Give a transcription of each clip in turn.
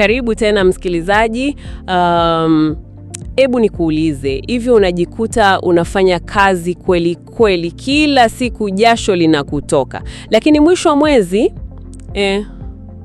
Karibu tena msikilizaji. Um, hebu nikuulize, hivyo unajikuta unafanya kazi kweli kweli, kila siku jasho linakutoka, lakini mwisho wa mwezi eh,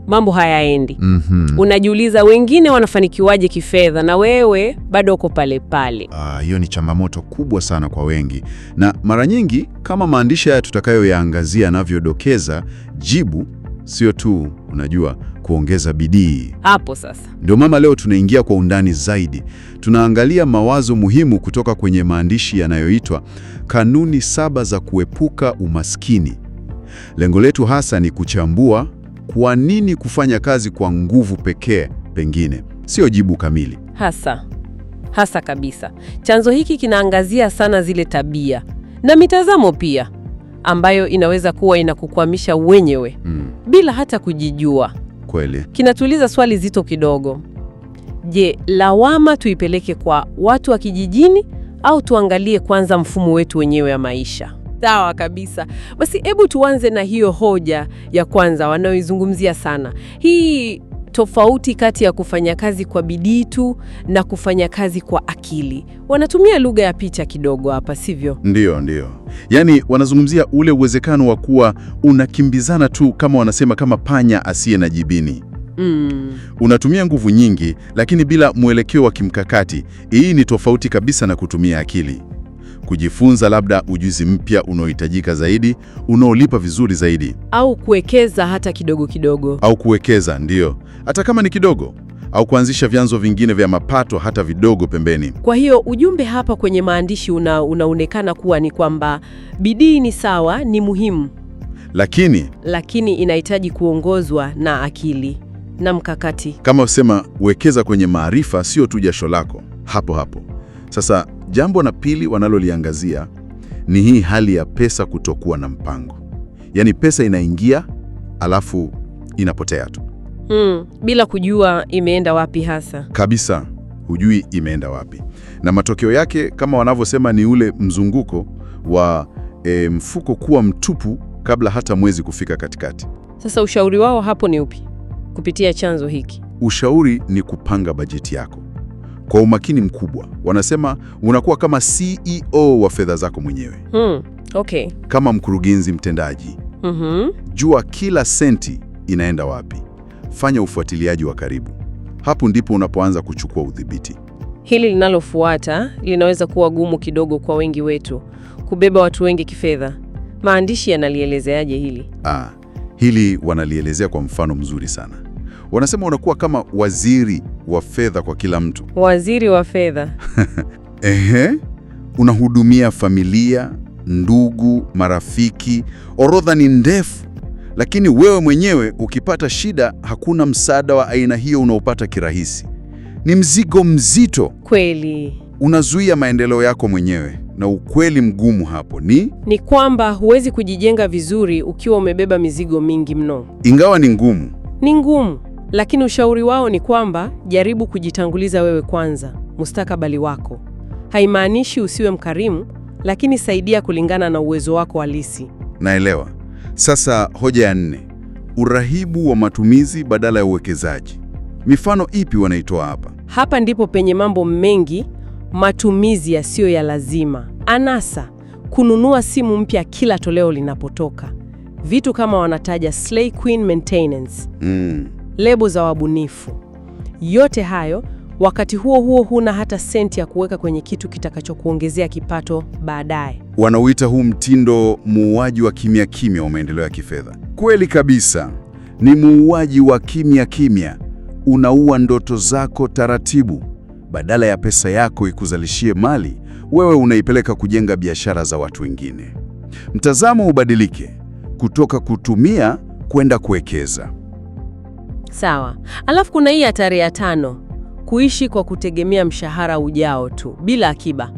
mambo hayaendi. mm -hmm. Unajiuliza wengine wanafanikiwaje kifedha na wewe bado uko pale pale. Ah, hiyo ni changamoto kubwa sana kwa wengi, na mara nyingi kama maandishi haya tutakayoyaangazia yanavyodokeza, jibu sio tu, unajua kuongeza bidii. Hapo sasa ndio mama, leo tunaingia kwa undani zaidi. Tunaangalia mawazo muhimu kutoka kwenye maandishi yanayoitwa Kanuni Saba za Kuepuka Umaskini. Lengo letu hasa ni kuchambua kwa nini kufanya kazi kwa nguvu pekee pengine sio jibu kamili, hasa hasa kabisa. Chanzo hiki kinaangazia sana zile tabia na mitazamo pia ambayo inaweza kuwa inakukwamisha wenyewe mm, bila hata kujijua kweli. Kinatuuliza swali zito kidogo. Je, lawama tuipeleke kwa watu wa kijijini au tuangalie kwanza mfumo wetu wenyewe wa maisha? Sawa kabisa. Basi hebu tuanze na hiyo hoja ya kwanza wanaoizungumzia sana, hii tofauti kati ya kufanya kazi kwa bidii tu na kufanya kazi kwa akili. Wanatumia lugha ya picha kidogo hapa, sivyo? Ndiyo, ndiyo. Yaani wanazungumzia ule uwezekano wa kuwa unakimbizana tu, kama wanasema, kama panya asiye na jibini. Mm. Unatumia nguvu nyingi lakini bila mwelekeo wa kimkakati. Hii ni tofauti kabisa na kutumia akili kujifunza labda ujuzi mpya unaohitajika zaidi, unaolipa vizuri zaidi, au kuwekeza hata kidogo kidogo, au kuwekeza ndiyo, hata kama ni kidogo, au kuanzisha vyanzo vingine vya mapato hata vidogo pembeni. Kwa hiyo ujumbe hapa kwenye maandishi una, unaonekana kuwa ni kwamba bidii ni sawa, ni muhimu, lakini lakini inahitaji kuongozwa na akili na mkakati. Kama usema wekeza kwenye maarifa, sio tu jasho lako hapo hapo. Sasa jambo la pili wanaloliangazia ni hii hali ya pesa kutokuwa na mpango, yaani pesa inaingia alafu inapotea tu hmm, bila kujua imeenda wapi hasa kabisa. Hujui imeenda wapi, na matokeo yake kama wanavyosema ni ule mzunguko wa e, mfuko kuwa mtupu kabla hata mwezi kufika katikati. Sasa ushauri wao hapo ni upi kupitia chanzo hiki? Ushauri ni kupanga bajeti yako kwa umakini mkubwa. Wanasema unakuwa kama CEO wa fedha zako mwenyewe. Hmm, okay. Kama mkurugenzi mtendaji. Mm -hmm. Jua kila senti inaenda wapi fanya ufuatiliaji wa karibu. Hapo ndipo unapoanza kuchukua udhibiti. Hili linalofuata linaweza kuwa gumu kidogo kwa wengi wetu, kubeba watu wengi kifedha. Maandishi yanalielezeaje hili? Ah, hili wanalielezea kwa mfano mzuri sana. Wanasema unakuwa kama waziri wa fedha kwa kila mtu. Waziri wa fedha ehe, unahudumia familia, ndugu, marafiki. Orodha ni ndefu lakini wewe mwenyewe ukipata shida, hakuna msaada wa aina hiyo unaopata kirahisi. Ni mzigo mzito kweli, unazuia maendeleo yako mwenyewe. Na ukweli mgumu hapo ni ni kwamba huwezi kujijenga vizuri ukiwa umebeba mizigo mingi mno. Ingawa ni ngumu, ni ngumu, lakini ushauri wao ni kwamba jaribu kujitanguliza wewe kwanza, mustakabali wako. Haimaanishi usiwe mkarimu, lakini saidia kulingana na uwezo wako halisi. Naelewa. Sasa hoja ya nne, urahibu wa matumizi badala ya uwekezaji. Mifano ipi wanaitoa hapa? Hapa ndipo penye mambo mengi: matumizi yasiyo ya lazima, anasa, kununua simu mpya kila toleo linapotoka, vitu kama wanataja Slay Queen maintenance mm. lebo za wabunifu. Yote hayo Wakati huo huo huna hata senti ya kuweka kwenye kitu kitakachokuongezea kipato baadaye. Wanauita huu mtindo muuaji wa kimya kimya wa maendeleo ya kifedha. Kweli kabisa, ni muuaji wa kimya kimya. Unaua ndoto zako taratibu. Badala ya pesa yako ikuzalishie mali, wewe unaipeleka kujenga biashara za watu wengine. Mtazamo ubadilike kutoka kutumia kwenda kuwekeza. Sawa. Alafu kuna hii hatari ya tano kuishi kwa kutegemea mshahara ujao tu bila akiba,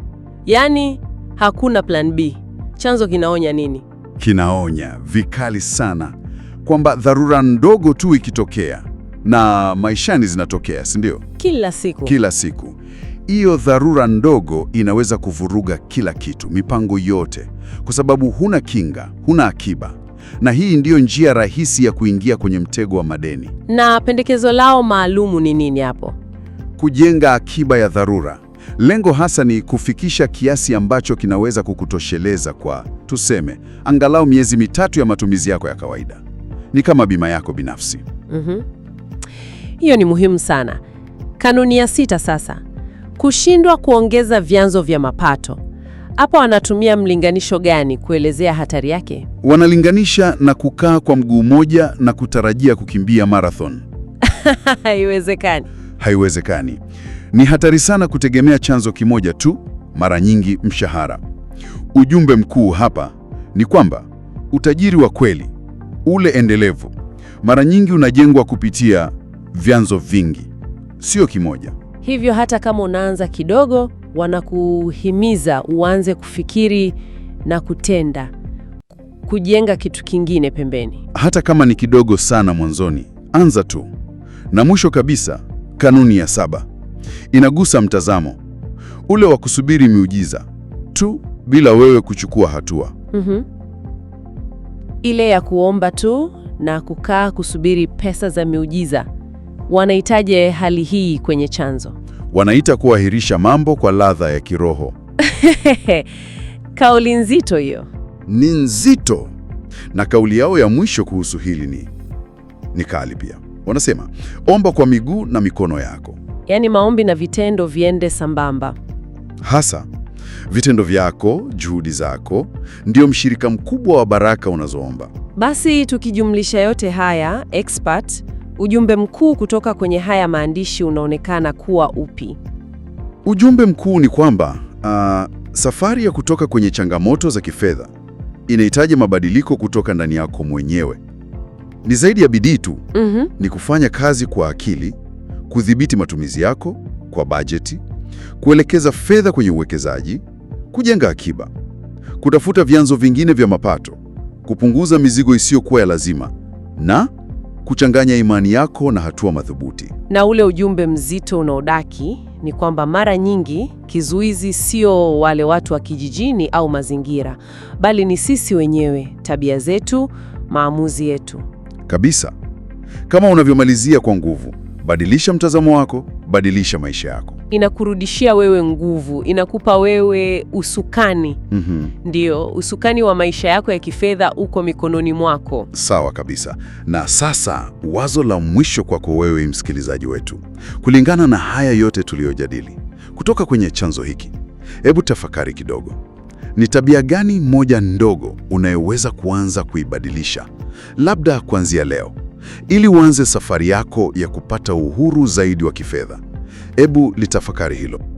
yaani hakuna plan B. Chanzo kinaonya nini? Kinaonya vikali sana kwamba dharura ndogo tu ikitokea na maishani zinatokea, si ndio? Kila siku, kila siku. Hiyo dharura ndogo inaweza kuvuruga kila kitu, mipango yote, kwa sababu huna kinga, huna akiba, na hii ndiyo njia rahisi ya kuingia kwenye mtego wa madeni. Na pendekezo lao maalumu ni nini hapo? Kujenga akiba ya dharura. Lengo hasa ni kufikisha kiasi ambacho kinaweza kukutosheleza kwa tuseme, angalau miezi mitatu ya matumizi yako ya kawaida. Ni kama bima yako binafsi. Mm -hmm. Hiyo ni muhimu sana. Kanuni ya sita sasa, kushindwa kuongeza vyanzo vya mapato. Hapo wanatumia mlinganisho gani kuelezea hatari yake? Wanalinganisha na kukaa kwa mguu mmoja na kutarajia kukimbia marathon. Haiwezekani haiwezekani. Ni hatari sana kutegemea chanzo kimoja tu, mara nyingi mshahara. Ujumbe mkuu hapa ni kwamba utajiri wa kweli, ule endelevu, mara nyingi unajengwa kupitia vyanzo vingi, sio kimoja. Hivyo hata kama unaanza kidogo, wanakuhimiza uanze kufikiri na kutenda, kujenga kitu kingine pembeni, hata kama ni kidogo sana mwanzoni. Anza tu, na mwisho kabisa Kanuni ya saba inagusa mtazamo ule wa kusubiri miujiza tu bila wewe kuchukua hatua. mm -hmm. Ile ya kuomba tu na kukaa kusubiri pesa za miujiza. Wanaitaje hali hii kwenye chanzo? Wanaita kuahirisha mambo kwa ladha ya kiroho. Kauli nzito hiyo, ni nzito. Na kauli yao ya mwisho kuhusu hili ni ni kali pia. Wanasema omba kwa miguu na mikono yako, yaani maombi na vitendo viende sambamba. Hasa vitendo vyako, juhudi zako, ndio mshirika mkubwa wa baraka unazoomba. Basi tukijumlisha yote haya expert, ujumbe mkuu kutoka kwenye haya maandishi unaonekana kuwa upi? Ujumbe mkuu ni kwamba uh, safari ya kutoka kwenye changamoto za kifedha inahitaji mabadiliko kutoka ndani yako mwenyewe ni zaidi ya bidii tu. mm -hmm. Ni kufanya kazi kwa akili, kudhibiti matumizi yako kwa bajeti, kuelekeza fedha kwenye uwekezaji, kujenga akiba, kutafuta vyanzo vingine vya mapato, kupunguza mizigo isiyokuwa ya lazima na kuchanganya imani yako na hatua madhubuti. Na ule ujumbe mzito unaodaki ni kwamba mara nyingi kizuizi sio wale watu wa kijijini au mazingira, bali ni sisi wenyewe, tabia zetu, maamuzi yetu kabisa. Kama unavyomalizia kwa nguvu, badilisha mtazamo wako, badilisha maisha yako. Inakurudishia wewe nguvu, inakupa wewe usukani. mm -hmm. Ndiyo, usukani wa maisha yako ya kifedha uko mikononi mwako. Sawa kabisa. Na sasa wazo la mwisho kwako wewe, msikilizaji wetu, kulingana na haya yote tuliyojadili kutoka kwenye chanzo hiki, hebu tafakari kidogo. Ni tabia gani moja ndogo unayoweza kuanza kuibadilisha labda kuanzia leo, ili uanze safari yako ya kupata uhuru zaidi wa kifedha. Hebu litafakari hilo.